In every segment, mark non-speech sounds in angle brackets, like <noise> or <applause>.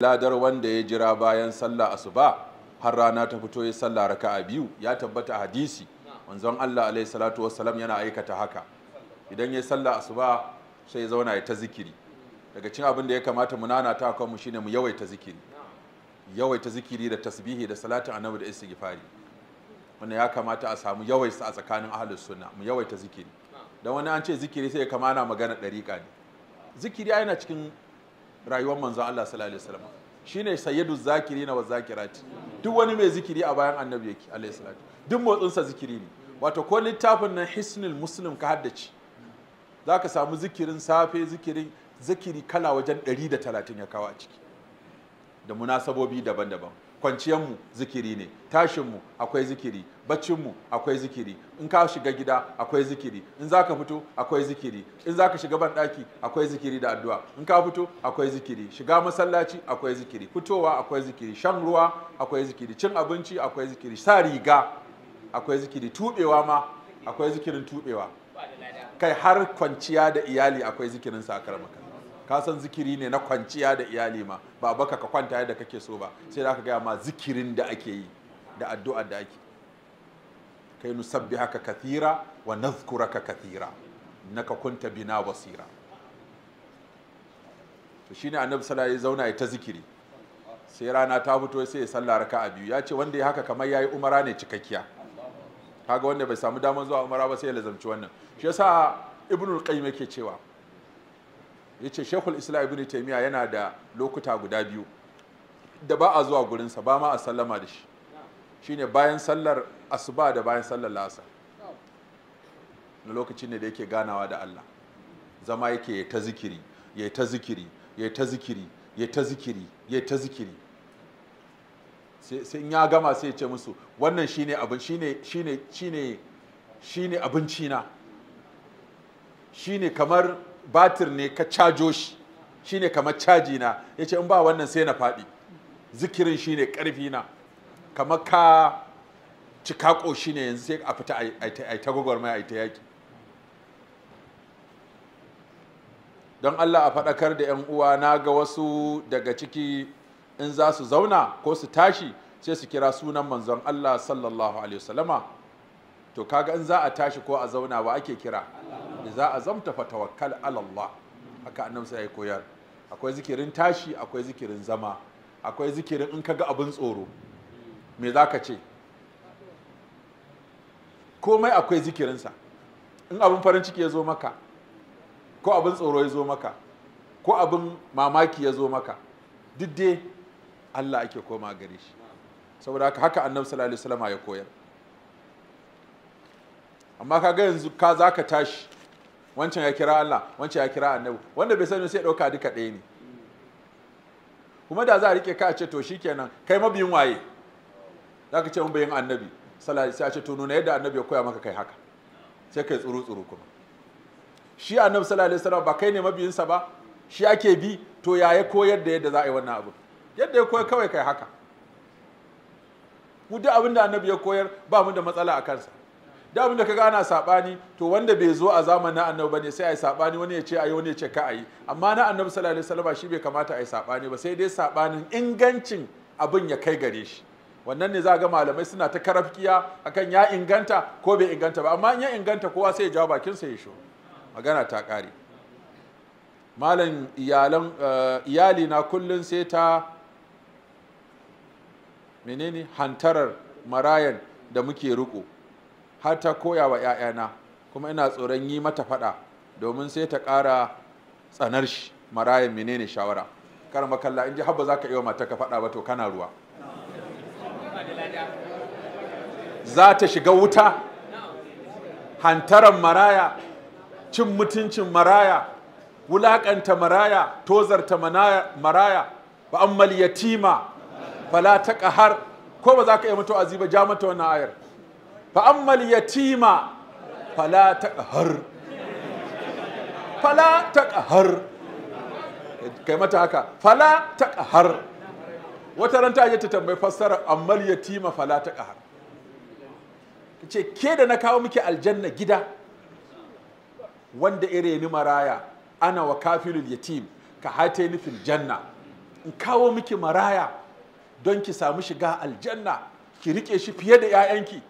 ladar wanda ya jira bayan sallah asuba har rana ta fito ya sallah raka'a biyu ya tabbata hadisi wanzan Allah alaihi salatu wassalam yana aikata haka idan ya sallah asuba sai ya zauna ya ta zikiri daga cin abin da ya kamata mu nana ta kanmu shine mu yawaita zikiri yawaita zikiri da tasbihi da salatin annabi da istighfari wannan ya kamata a samu yawaita a tsakanin ahlus sunna mu yawaita zikiri dan wani an ce zikiri sai ya kama magana dariƙa ne zikiri yana cikin rayuwar manzon Allah sallallahu alaihi wasallam shine sayyidu zakirina wa zakirati duk wani mai zikiri a bayan annabi yake alaihi salatu duk motsinsa zikiri ne wato ko littafin nan hisnul muslim ka haddace zaka samu zikirin safe zikirin zikiri kala wajen 130 ya kawo a ciki da munasabobi daban-daban kwanciyarmu zikiri ne tashinmu akwai zikiri baccinmu akwai zikiri in ka shiga gida akwai zikiri in za ka fito akwai zikiri in za ka shiga banɗaki akwai zikiri da addu'a in ka fito akwai zikiri shiga masallaci akwai zikiri fitowa akwai zikiri shan ruwa akwai zikiri cin abinci akwai zikiri sa riga akwai zikiri Tubewa ma akwai zikirin tubewa. kai har kwanciya da iyali akwai zikirin sa ka san zikiri ne na kwanciya da iyali ma ba baka ka kwanta yadda kake so ba sai da aka gaya ma zikirin da ake yi da addu'a da ake kai nu sabbi haka kathira wa nazkuraka kathira naka kunta bina basira to shine annabi sallallahu alaihi zauna ya ta zikiri sai rana ta fito sai ya sallah raka'a biyu ya ce wanda ya haka kamar yayi umara ne cikakkiya kaga wanda bai samu damar zuwa umara ba sai ya lazamci wannan shi yasa ibnul qayyim yake cewa ya ce shekul islam ibn taimiyya yana da lokuta guda biyu da ba a zuwa gurinsa ba ma a sallama da shi shine bayan sallar asuba da bayan sallar lasa na lokacin ne da yake ganawa da allah zama yake ya ta zikiri ya ta zikiri ya ta zikiri ya ta zikiri ya ta zikiri sai ya gama sai ya ce musu wannan shine abin shine shine shine shine shine kamar batir ne ka cajo shi Shi ne kamar caji na ya ce in ba wannan sai na faɗi zikirin shi ne karfi na kamar ka cika ƙoshi ne yanzu sai a fita a ta mai a ta yaƙi don allah a faɗakar da 'yan uwa na ga wasu daga ciki in za su zauna ko su tashi sai su kira sunan manzon allah sallallahu alaihi wasallama to kaga in za a tashi ko a zauna ba ake kira zamta fa tawakkal ala Allah haka annabi sai ya koyar akwai zikirin tashi akwai zikirin zama akwai zikirin in kaga abin tsoro me zaka ce komai akwai zikirinsa in abin farin ciki ya zo maka ko abin tsoro ya zo maka ko abin mamaki ya zo maka duk dai Allah ake koma gare shi saboda haka haka annabi sallallahu alaihi wasallam ya koyar amma ka ga yanzu ka zaka tashi wancan ya kira Allah wancan ya kira annabi wanda bai sani sai ɗauka duka ɗaya ne kuma da za a rike ka a ce to shikenan kai mabiyin waye za ka ce mun bayin annabi sallallahu sai a ce to nuna yadda annabi ya koya maka kai haka sai kai tsuru tsuru kuma shi annabi sallallahu alaihi wasallam ba kai ne mabiyinsa ba shi ake bi to ya ya koyar da yadda za a yi wannan abu yadda ya koyar kawai kai haka mu duk abin da annabi ya koyar ba mu da matsala a kansa da abin da kaga ana sabani to wanda bai zo a zamanin annabi ne sai ai sabani wani ya ce yi, wani ya ce ka ayi amma na annabi sallallahu alaihi wasallam shi bai kamata ai sabani ba sai dai sabanin ingancin abin ya kai gare shi wannan ne za ga malamai suna ta karafkiya akan ya inganta ko bai inganta ba amma in ya inganta kowa sai ya jawo bakin sa ya sho magana ta kare malam iyalan eh, iyali na kullun sai ta menene hantarar marayan da muke riko har ta koya wa 'ya'yana kuma ina tsoron yi mata faɗa domin sai ta ƙara tsanar shi marayan menene shawara kar makalla in ji habba za ka yi wa mata ka faɗa ba to kana ruwa za ta shiga wuta hantaran maraya cin mutuncin maraya wulaƙanta maraya tozarta maraya ba an yatima fala ta ƙahar ko ba za ka iya mutu aziba ja mata wannan ayar fa'ammal tima fala taqhar fala taqhar kai mata haka fala taqhar wata ranta ta ta tambayi fassara ammal tima fala ta ce ke da na kawo miki aljanna gida wanda ire ni maraya ana wa kafilul yatim ka hate ni fil janna in kawo miki maraya don ki samu shiga aljanna ki rike shi fiye da 'ya'yanki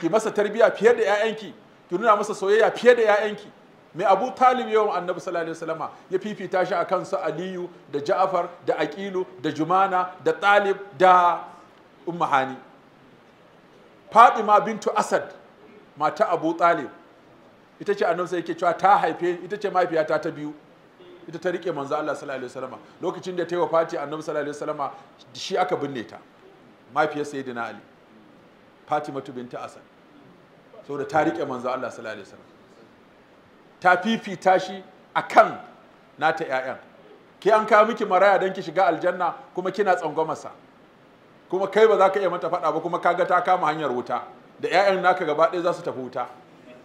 ki masa tarbiya fiye da 'ya'yanki ki nuna masa soyayya fiye da 'ya'yanki mai abu talib yawan annabi sallallahu alaihi wasallama ya fifita shi akan su aliyu da ja'far da aqilu da jumana da talib da ummahani fatima bintu asad mata abu talib ita ce annabi sai yake cewa ta haife ita ce mahaifiyata ta biyu ita ta rike manzo Allah sallallahu alaihi wasallama lokacin da ta yi wafati annabi sallallahu alaihi wasallama shi aka binne ta mahaifiyar sayyidina ali fatima bintu asad saboda ta riƙe manzo Allah sallallahu alaihi wasallam ta fifita shi akan nata 'ya'yan ki an kawo miki maraya don ki shiga aljanna kuma kina tsangwamasa kuma kai ba za ka iya mata faɗa ba kuma kaga ta kama hanyar wuta da 'ya'yan naka gaba ɗaya za su tafi wuta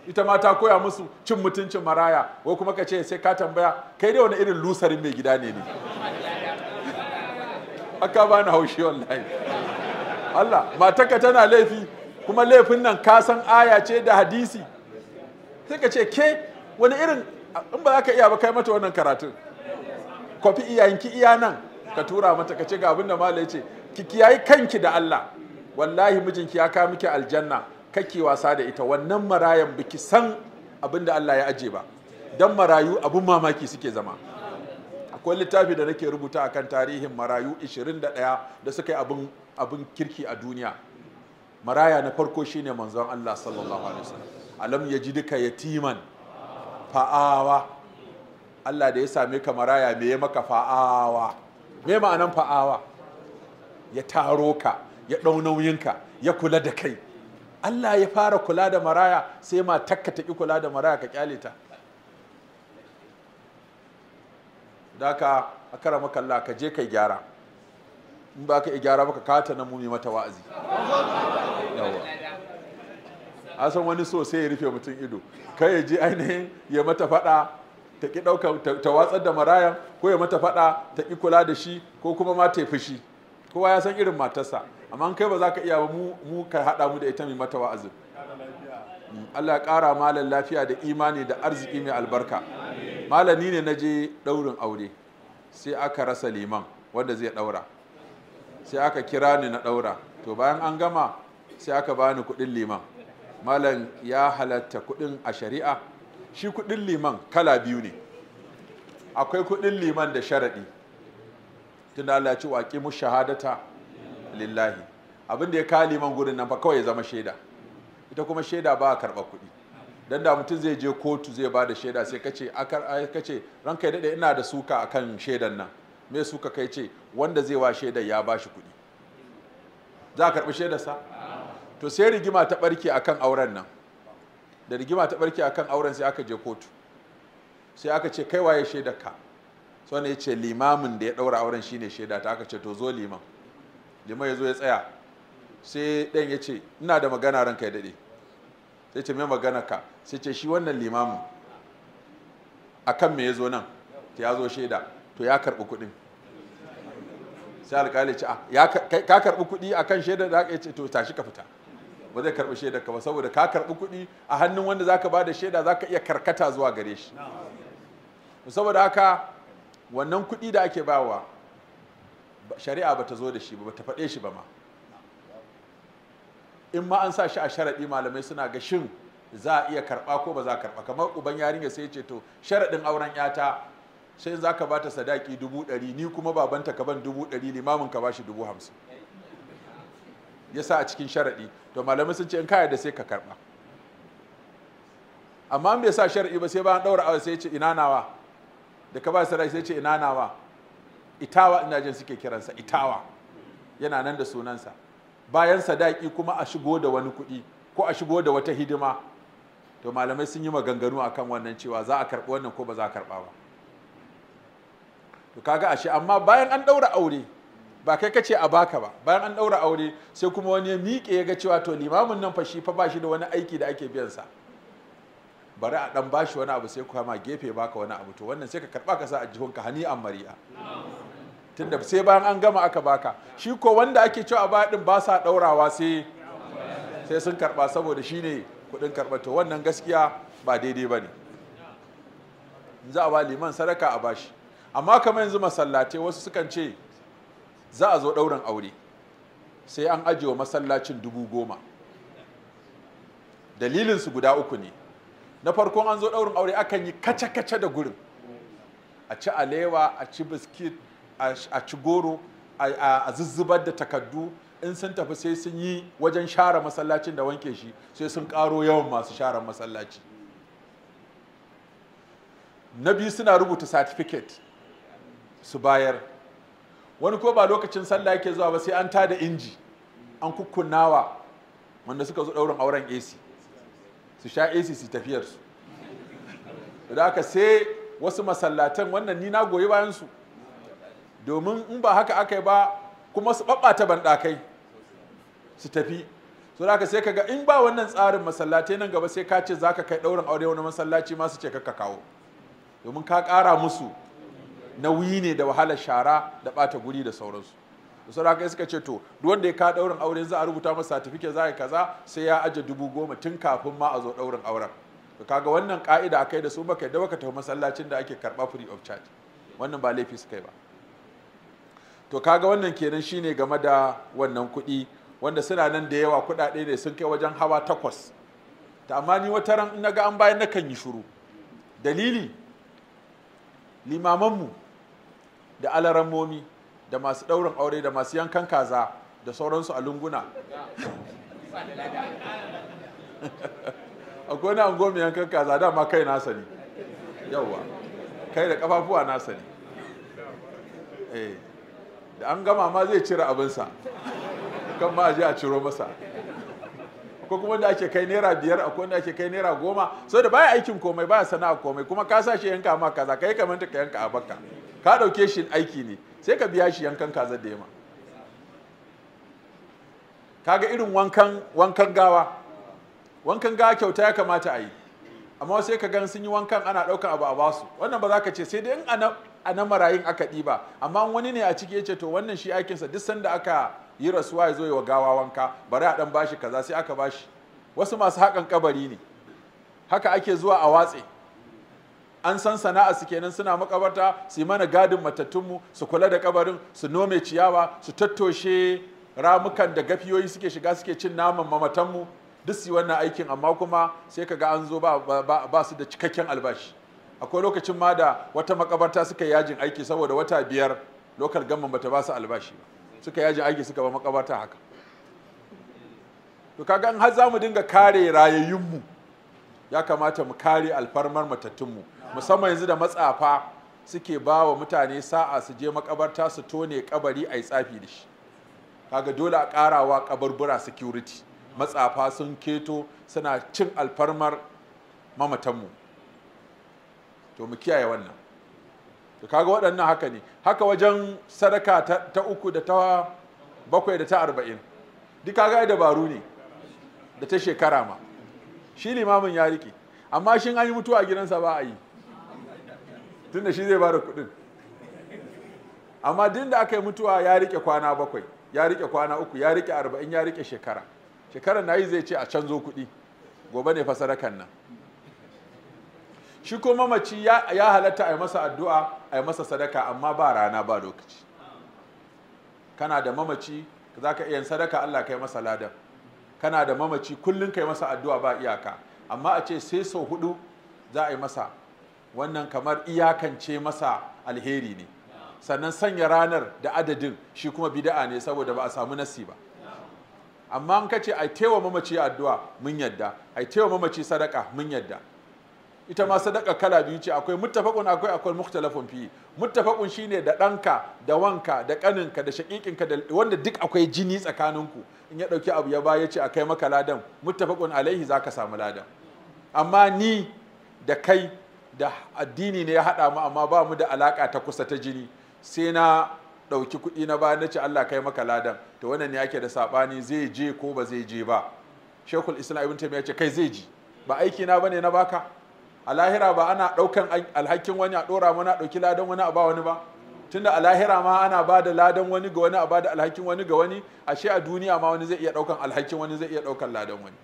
ita ma ta koya musu cin mutuncin maraya wai kuma ka ce sai ka tambaya kai dai wani irin lusarin mai gida ne ne aka bani haushi wallahi Allah matarka tana laifi kuma laifin nan kasan aya ce da hadisi sai ka ce ke wani irin in ba za ka iya ba kai mata wannan karatun kwafi iyayenki iya nan ka tura mata ka ce ga abin da mala ya ce ki kiyayi kanki da Allah wallahi mijinki ya kawo miki aljanna kake wasa da ita wannan marayan biki san abin da Allah ya aje ba dan marayu abin mamaki suke zama akwai littafi da nake rubuta akan tarihin marayu 21 da suka yi abin kirki a duniya maraya na farko shine manzon Allah sallallahu alaihi wasallam alam ya yatiman fa'awa Allah da ya same ka maraya me ya maka fa'awa me ma'anan fa'awa ya taro ka ya ɗau nauyinka ya kula da kai Allah ya fara kula da maraya sai ma takka ta kula da maraya ka kyale ta daka a kara maka Allah ka je kai gyara in ba ka gyara baka kata na mumi mata wa'azi a san wani sosai ya rufe mutum ido kai ya ji ainihin ya mata faɗa ta ki ɗauka ta watsar da marayan ko ya mata faɗa ta ki kula da shi ko kuma ma ta fushi kowa ya san irin matarsa amma kai ba za ka iya ba mu ka haɗa mu da ita mai mata wa'azin mm, Allah ya ƙara malan lafiya da imani da arziki mai albarka malami ne na je ɗaurin aure sai aka rasa liman wanda zai ɗaura sai aka kira ni na ɗaura to bayan an gama sai aka bani kuɗin liman malam ya halatta kuɗin a shari'a shi kuɗin liman kala biyu ne akwai kuɗin liman da sharaɗi tun Allah ya waƙi mu shahadata lillahi abin da ya kawo liman gurin nan fa kawai ya zama shaida ita kuma shaida ba a karɓa kuɗi dan da mutum zai je kotu zai ba da shaida sai kace a kace ranka daɗe ina da suka akan shaidan nan me suka kai ce wanda zai wa shaidan ya ba shi kuɗi za a karɓi shaidarsa to sai rigima ta barke kan auren nan da rigima ta barke kan auren sai aka je kotu sai aka ce kai waye shaida ka so ne ce limamin da ya daura auren shine shaida ta aka ce to zo liman liman ya zo ya tsaya sai ɗan ya ce ina da magana ranka ya daɗe sai ce mai magana ka sai ce shi wannan limamin A kan me ya zo nan ta ya zo shaida to ya karɓi kuɗin sai alƙali ce ah, ya ka karɓi kuɗi kan shaida da aka ce to tashi ka fita ba zai karɓi shaidar ka ba saboda ka karɓi kuɗi a hannun wanda zaka ba da shaida zaka iya karkata zuwa gare shi saboda haka wannan kuɗi da ake bawa shari'a ba ta zo da shi ba ta faɗe shi ba ma in ma an sa shi a sharaɗi malamai suna ga shin za a iya karɓa ko ba za a karɓa kamar uban yarinya sai ce to sharaɗin auren yata sai za ka ba ta sadaki dubu ɗari ni kuma babanta ka ban dubu ɗari limamin ka ba shi dubu hamsin ya sa a cikin sharaɗi to malamai sun ce in ka da sai ka karɓa amma bai sa sharaɗi ba sai ba an ɗaura awa sai ce ina nawa da ka ba su sai ce ina nawa itawa ina jin suke kiransa itawa yana nan da sunansa bayan sadaki kuma a shigo da wani kuɗi ko a shigo da wata hidima to malamai sun yi ma maganganu akan wannan cewa za a karɓi wannan ko ba za a karɓa ba to kaga ashe amma bayan an ɗaura aure ba kai kace a baka ba bayan an daura aure sai kuma wani ya miƙe ya ga cewa to limamin nan fa shi fa bashi da wani aiki da ake biyan sa bari a dan bashi wani abu sai kuma gefe baka wani abu to wannan sai ka karba ka sa a jihunka hani'an mari'a tunda sai bayan an gama aka baka shi ko wanda ake cewa a baya din ba sa daurawa sai sai sun karba saboda shine kudin karba to wannan gaskiya ba daidai bane za a ba liman sadaka a bashi amma kamar yanzu masallatai wasu sukan ce za a zo ɗaurin aure sai an ajiye wa masallacin dubu goma dalilinsu guda uku ne na farko an zo ɗaurin aure akan yi kace-kace da gurin a ci alewa a ci biskit a ci goro a zuzzubar da takaddu in sun tafi sai sun yi wajen share masallacin da wanke shi sai sun karo yawan masu share masallaci na biyu suna rubuta satifiket su bayar wani ko ba lokacin sallah yake zuwa ba sai an da inji an kukkunawa wanda suka zo ɗaurin auren AC su sha AC su tafiyarsu da haka sai wasu masallatan wannan ni na goyi bayan su domin in ba haka aka ba kuma su ɓaɓɓata banɗakai su tafi so da sai kaga in ba wannan tsarin masallatai nan gaba sai ka ce zaka kai ɗaurin aure wani masallaci ma su ce ka kawo domin ka ƙara musu nauyi ne da wahalar shara da bata guri da sauransu da sauraka suka ce to duk wanda ya ka daurin aure za a rubuta masa satifikin za a kaza sai ya aje dubu goma tun kafin ma a zo ɗaurin auren to kaga wannan ka'ida akai da su baka da baka tafi masallacin da ake karɓa free of charge wannan ba laifi su kai ba to kaga wannan kenan shine game da wannan kuɗi wanda suna nan da yawa kuɗaɗe ne sun kai wajen hawa takwas ta amma ni wata ran in naga an bayan nakan yi shuru dalili limamanmu da momi, da masu ɗaurin aure da masu yankan kaza da sauransu a lunguna <laughs> akwai wani ango mai yankan kaza dama kai nasa ne yauwa kai da kafafuwa nasa ne eh, da an gama ma zai cire abinsa kan ma aji a ciro masa Akwai kuma da ake kai naira biyar akwai wanda ake kai naira goma sau da baya aikin komai baya sana'a komai kuma ka sa shi yanka ma kaza kai ta ka yanka a baka ka ɗauke shi aiki ne sai ka biya shi yankan kazar da yamma ga irin wankan wankan gawa wankan gawa kyauta ya kamata a yi amma sai ka gan sun yi wankan ana ɗaukan abu a basu wannan ba za ka ce sai dai in a na marayin aka ba. amma wani ne a ciki ya ce to wannan shi aikinsa duk sanda aka yi rasuwa ya zo ya wa gawa wanka bari a ɗan bashi kaza sai aka bashi wasu masu hakan kabari ne haka ake zuwa a watse an san sana'a su kenan suna makabarta su yi mana gadin matattunmu su kula da kabarin su nome ciyawa su tattoshe ramukan da gafiyoyi suke shiga suke cin naman mamatanmu duk su yi wannan aikin amma kuma sai ka ga an zo ba su da cikakken albashi akwai lokacin ma da wata makabarta suka yajin aiki saboda wata biyar lokal gamman bata ba su albashi ba suka yajin aiki suka ba makabarta haka to kaga in har za mu dinga kare rayayyunmu ya kamata mu kare alfarmar matattunmu musamman yanzu da matsafa suke ba wa mutane sa'a su je makabarta su tone kabari a yi tsafi da shi kaga dole a karawa kabarbura security matsafa sun keto suna cin alfarmar mamatanmu to mu kiyaye wannan to kaga waɗannan haka ne haka wajen sadaka ta, uku da ta bakwai da ta arba'in duk kaga ai dabaru ne da ta shekara ma shi limamin ya riƙe amma shin an yi mutuwa gidansa ba a yi tunda shi zai bada kuɗin amma din da aka yi mutuwa ya rike kwana bakwai ya rike kwana uku ya rike arba'in ya rike shekara Shekara na yi zai ce a canzo kuɗi gobe ne fasarakan nan shi ko mamaci ya halatta a yi masa addu'a a yi masa sadaka amma ba rana ba lokaci kana da mamaci za ka iya sadaka Allah ka kai masa ladan kana da mamaci kullum ka kai masa addu'a ba iyaka amma a ce sai sau hudu za a yi masa wannan kamar iyakance masa alheri ne sannan sanya ranar da adadin shi kuma bida'a ne saboda ba a samu nasi ba amma an kace ai tewa mamaci addu'a mun yadda ai tewa mamaci sadaka mun yadda ita ma sadaka kala biyu ce akwai muttafaqun akwai akwai mukhtalafun fi muttafaqun shine da ɗanka da wanka da kaninka da shakikinka da wanda duk akwai jini tsakaninku in ya dauki abu ya ba ya ce akai maka ladan muttafaqun alaihi zaka samu ladan amma ni da kai da addini ne ya haɗa mu amma ba mu da alaƙa ta kusa ta jini sai na ɗauki kuɗi na ba na ce Allah kai maka ladan to wannan ne ake da saɓani zai je ko ba zai je ba shekul islam ibn ya ce kai zai ji ba aiki na bane na baka a lahira ba ana ɗaukan alhakin wani a ɗora mana ɗauki ladan wani a ba wani ba tunda a lahira ma ana ba da ladan wani ga wani a ba da alhakin wani ga wani ashe a duniya ma wani zai iya ɗaukan alhakin wani zai iya ɗaukan ladan wani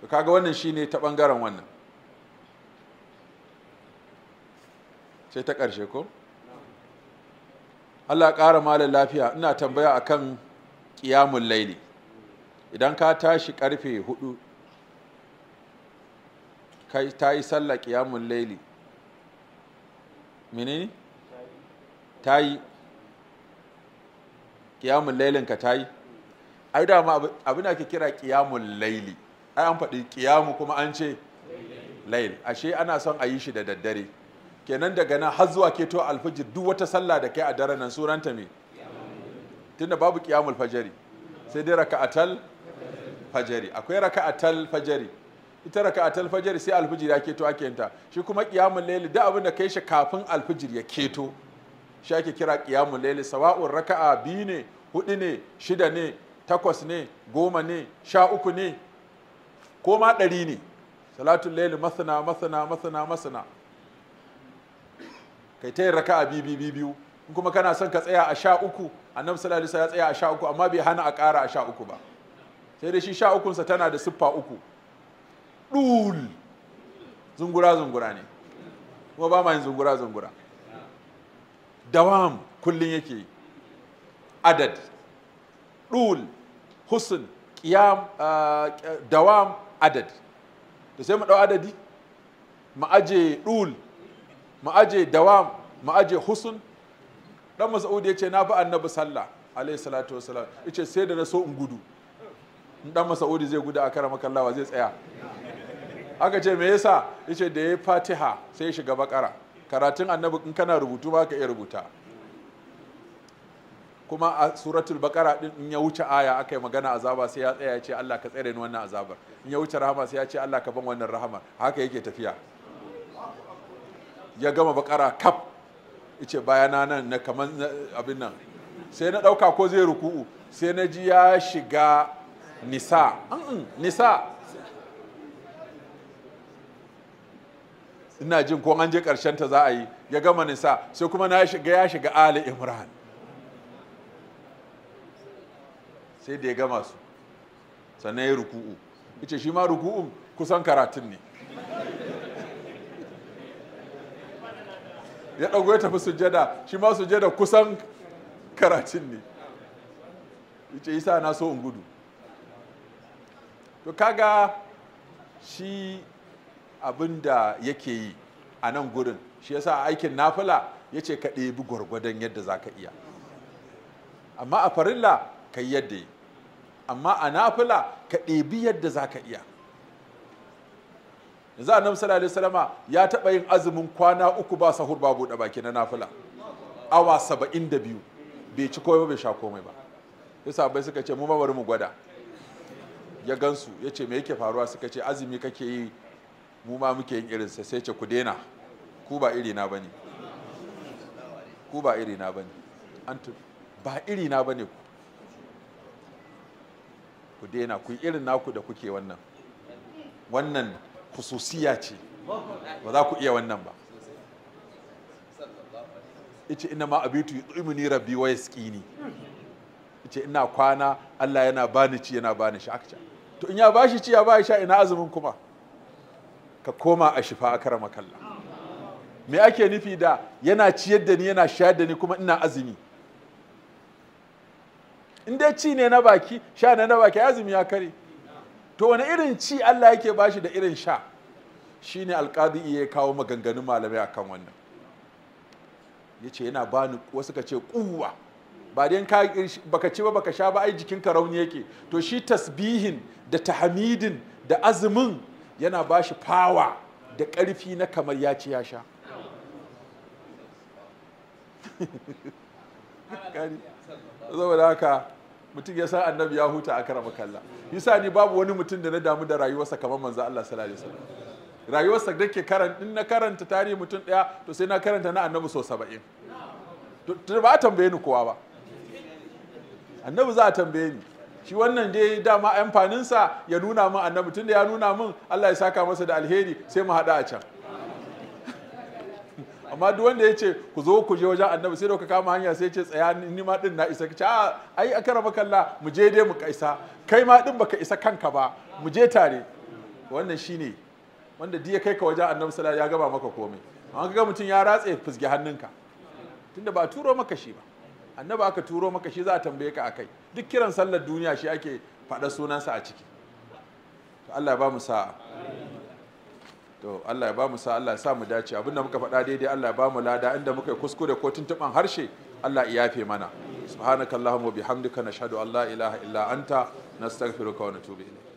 to kaga wannan shine ta ɓangaren wannan sai ta ƙarshe ko Allah ƙara malar lafiya ina tambaya akan ƙiyamun laili idan ka tashi ƙarfe hudu kai ta yi sallah ƙiyamun laili menene ta yi ƙiyamun lailinka ta yi ai dama abin da ke kira ƙiyamun laili ai an faɗi ƙiyamu kuma an ce laili ashe ana son a yi shi da daddare kenan daga nan har zuwa keto alfijir duk wata sallah da kai a daren nan ta me tunda babu qiyamul fajari sai dai raka'atal fajari akwai raka'atal fajari ita raka'atal fajari sai alfijir ya keto ake yinta shi kuma qiyamul layli duk abin da kai shi kafin alfijir ya keto shi ake kira qiyamul layli sawa'un raka'a biyu ne hudu ne shida ne takwas ne goma ne sha uku ne ko ma ɗari ne salatul layli masana masana masana masana kai ta yin raka'a biyu biyu biyu in kuma kana son ka tsaya a sha uku annabi sallallahu alaihi ya tsaya a sha uku amma bai hana a ƙara a sha uku ba sai dai shi sha ukunsa tana da siffa uku ɗul zungura zungura ne kuma ba ma yin zungura zungura dawam kullum yake adad ɗul husn qiyam ah, dawam adad to sai mu ɗau adadi mu aje ɗul mu aje dawam mu aje husun dan mas'ud ya ce na fi annabi sallah alayhi salatu wasalam yace sai da na so in gudu in dan mas'ud zai gudu a karama kallawa zai tsaya aka ce me yasa yace da yayi fatiha sai ya shiga bakara karatun annabi in kana rubutu ba iya rubuta kuma a suratul bakara din in ya wuce aya aka yi magana azaba sai ya tsaya ya ce Allah ka tsare ni wannan azabar in ya wuce rahama sai ya ce Allah ka ban wannan rahama haka yake tafiya ya gama bakara kaf ice bayana nan na kaman abin nan sai na ɗauka ko zai ruku'u sai na ji ya shiga nisa nisa ina jin ko an je ƙarshen ta za a yi ya gama nisa sai kuma na shiga ya shiga ali imran sai da ya gama su sannan ya ruku'u Ice shi ma ruku'un kusan karatun ne ya ɗago ya tafi sujada shi ma sujada kusan karatun ne yace isa na so in gudu to kaga shi abin da yake yi a nan gurin shi yasa aikin nafila ya ce ka ɗebi gwargwadon yadda za ka iya amma a farilla ka yi yadda yi amma a nafila ka ɗebi yadda za ka iya yanzu annabi sallallahu alaihi wasallama ya taba yin azumin kwana uku ba sahur ba buɗe baki na nafila awa 72 bai ci komai bai sha komai ba yasa bai suka ce mu ma bari mu gwada ya gansu ya ce me yake faruwa suka ce azumi kake yi mu ma muke yin irinsa sai ce ku daina ku ba iri na bane ku ba iri na bane antum ba iri na bane ku ku daina ku irin naku da kuke wannan wannan khususiya ce ba za ku iya wannan ba ice ina ma abitu ni rabbi wa ni ice ina kwana Allah yana bani ci yana bani sha aka to in ya bashi ci ya bashi sha ina azumin kuma ka koma a shifa a karama kalla me ake nufi da yana ciyar da ni yana shayar da ni kuma ina azumi in dai ci ne na baki sha ne na baki azumi ya kare to wani irin ci Allah yake bashi da irin sha Shi ne alqadi ya kawo maganganu malamai akan wannan yace yana bani wasu ka ce kuwa ba dai ka baka ci ba baka sha ba ai jikinka rauni yake to shi tasbihin da tahmidin da azumin yana bashi fawa da ƙarfi na kamar ya ci ya sha <laughs> mutum ya san annabi ya huta a karama kalla yasa ni babu wani mutum da na damu da rayuwarsa kamar manzo Allah sallallahu alaihi wasallam rayuwarsa da ke karanta in na karanta tarihi mutum daya to sai na karanta na annabi so 70 to ba a tambaye ni kowa ba annabi za a tambaye ni shi wannan dai dama sa ya nuna min annabi tunda ya nuna min Allah ya saka masa da alheri sai mu hada a can amma duk wanda ya ce ku zo ku je wajen annabi sai da ka kama hanya sai ce tsaya ni ma din na isa ki ce a ai aka raba kalla mu je dai mu kaisa kai ma din baka isa kanka ba mu je tare wannan shine wanda duk kai ka wajen annabi sallallahu ya gaba maka komai amma kaga mutum ya ratse fusge hannunka tunda ba turo maka shi ba annabi aka turo maka shi za a tambaye ka akai duk kiran sallar duniya shi ake faɗa sunansa a ciki to Allah ya ba mu sa'a to Allah ya ba mu sa Allah ya sa mu dace abinda muka faɗa daidai Allah ya ba mu lada inda muka yi kuskure ko tuntuɓan harshe Allah ya yafe mana subhanakallahumma bihamdika nashhadu an la ilaha illa anta nastaghfiruka wa natubu ilayk